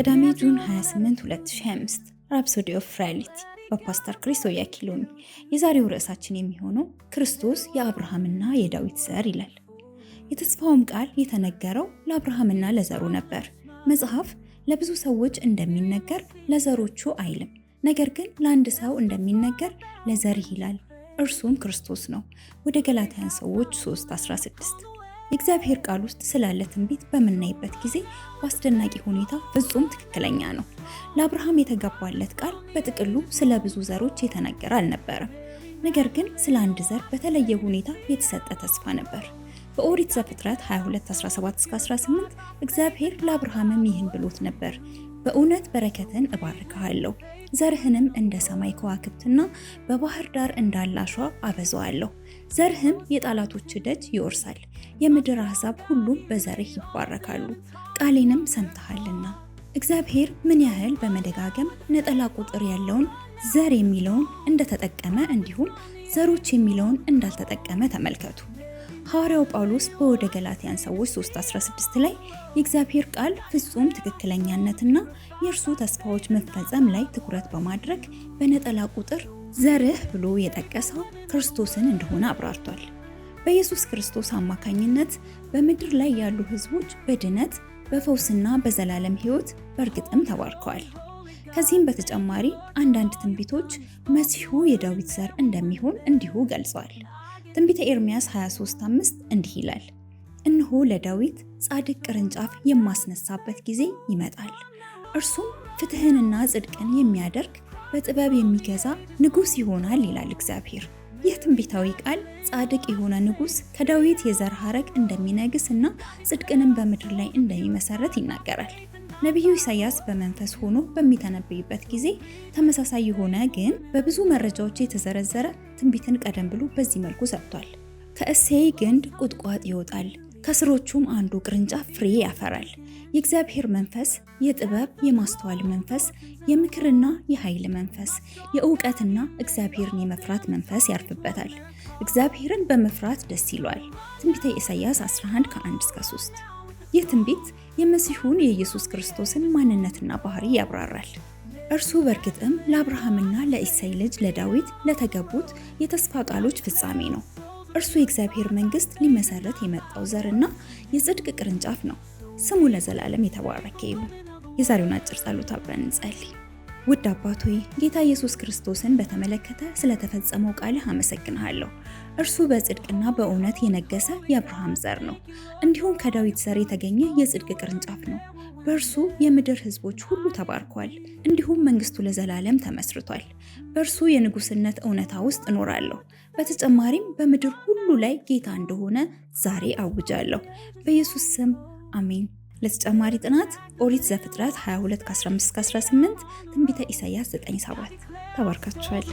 ቅዳሜ ጁን 28 2025 ራፕሶዲ ኦፍ ሪያሊቲ በፓስተር ክሪስ ኦያኪሎሚ። የዛሬው ርዕሳችን የሚሆነው ክርስቶስ የአብርሃምና የዳዊት ዘር ይላል። የተስፋውም ቃል የተነገረው ለአብርሃምና ለዘሩ ነበር። መጽሐፍ ለብዙ ሰዎች እንደሚነገር ለዘሮቹ አይልም፣ ነገር ግን ለአንድ ሰው እንደሚነገር ለዘርህ ይላል፣ እርሱም ክርስቶስ ነው። ወደ ገላትያን ሰዎች 3:16 የእግዚአብሔር ቃል ውስጥ ስላለ ትንቢት በምናይበት ጊዜ በአስደናቂ ሁኔታ ፍጹም ትክክለኛ ነው። ለአብርሃም የተገባለት ቃል በጥቅሉ ስለ ብዙ ዘሮች የተነገረ አልነበረም። ነገር ግን ስለ አንድ ዘር በተለየ ሁኔታ የተሰጠ ተስፋ ነበር። በኦሪት ዘፍጥረት 22:17-18 እግዚአብሔር ለአብርሃምም ይህን ብሎት ነበር በእውነት በረከትን እባርክሃለሁ ዘርህንም እንደ ሰማይ ከዋክብትና በባህር ዳር እንዳለ አሸዋ አበዛዋለሁ፣ ዘርህም የጠላቶች ደጅ ይወርሳል፣ የምድር አሕዛብ ሁሉም በዘርህ ይባረካሉ፣ ቃሌንም ሰምተሃልና። እግዚአብሔር ምን ያህል በመደጋገም ነጠላ ቁጥር ያለውን ዘር የሚለውን እንደተጠቀመ እንዲሁም ዘሮች የሚለውን እንዳልተጠቀመ ተመልከቱ። ሐዋርያው ጳውሎስ በወደ ገላትያን ሰዎች 3:16 ላይ የእግዚአብሔር ቃል ፍጹም ትክክለኛነትና የእርሱ ተስፋዎች መፈጸም ላይ ትኩረት በማድረግ በነጠላ ቁጥር ዘርህ ብሎ የጠቀሰው ክርስቶስን እንደሆነ አብራርቷል። በኢየሱስ ክርስቶስ አማካኝነት በምድር ላይ ያሉ ሕዝቦች በድነት በፈውስና በዘላለም ሕይወት በእርግጥም ተባርከዋል። ከዚህም በተጨማሪ አንዳንድ ትንቢቶች መሲሁ የዳዊት ዘር እንደሚሆን እንዲሁ ገልጸዋል። ትንቢተ ኤርምያስ 23:5 እንዲህ ይላል፣ እነሆ ለዳዊት ጻድቅ ቅርንጫፍ የማስነሳበት ጊዜ ይመጣል፣ እርሱም ፍትህንና ጽድቅን የሚያደርግ በጥበብ የሚገዛ ንጉሥ ይሆናል ይላል እግዚአብሔር። ይህ ትንቢታዊ ቃል ጻድቅ የሆነ ንጉስ ከዳዊት የዘር ሐረግ እንደሚነግስ እና ጽድቅንም በምድር ላይ እንደሚመሰረት ይናገራል። ነቢዩ ኢሳያስ በመንፈስ ሆኖ በሚተነበይበት ጊዜ ተመሳሳይ የሆነ ግን በብዙ መረጃዎች የተዘረዘረ ትንቢትን ቀደም ብሎ በዚህ መልኩ ሰጥቷል። ከእሴይ ግንድ ቁጥቋጥ ይወጣል፣ ከስሮቹም አንዱ ቅርንጫፍ ፍሬ ያፈራል፣ የእግዚአብሔር መንፈስ የጥበብ የማስተዋል መንፈስ፣ የምክርና የኃይል መንፈስ፣ የእውቀትና እግዚአብሔርን የመፍራት መንፈስ ያርፍበታል። እግዚአብሔርን በመፍራት ደስ ይሏል። ትንቢተ ኢሳይያስ 11 ከ1 እስከ 3። ይህ ትንቢት የመሲሁን የኢየሱስ ክርስቶስን ማንነትና ባህሪ ያብራራል። እርሱ በእርግጥም ለአብርሃምና ለኢሳይ ልጅ ለዳዊት ለተገቡት የተስፋ ቃሎች ፍጻሜ ነው። እርሱ የእግዚአብሔር መንግስት ሊመሰረት የመጣው ዘርና የጽድቅ ቅርንጫፍ ነው። ስሙ ለዘላለም የተባረከ ይሁን። የዛሬውን አጭር ጸሎት አብረን እንጸልይ። ውድ አባት ሆይ ጌታ ኢየሱስ ክርስቶስን በተመለከተ ስለተፈጸመው ቃልህ አመሰግንሃለሁ። እርሱ በጽድቅና በእውነት የነገሰ የአብርሃም ዘር ነው፣ እንዲሁም ከዳዊት ዘር የተገኘ የጽድቅ ቅርንጫፍ ነው። በእርሱ የምድር ህዝቦች ሁሉ ተባርከዋል፣ እንዲሁም መንግስቱ ለዘላለም ተመስርቷል። በእርሱ የንጉስነት እውነታ ውስጥ እኖራለሁ። በተጨማሪም በምድር ሁሉ ላይ ጌታ እንደሆነ ዛሬ አውጃለሁ። በኢየሱስ ስም አሜን። ለተጨማሪ ጥናት ኦሪት ዘፍጥረት 22:15-18፣ ትንቢተ ኢሳያስ 9:7። ተባርካችኋል።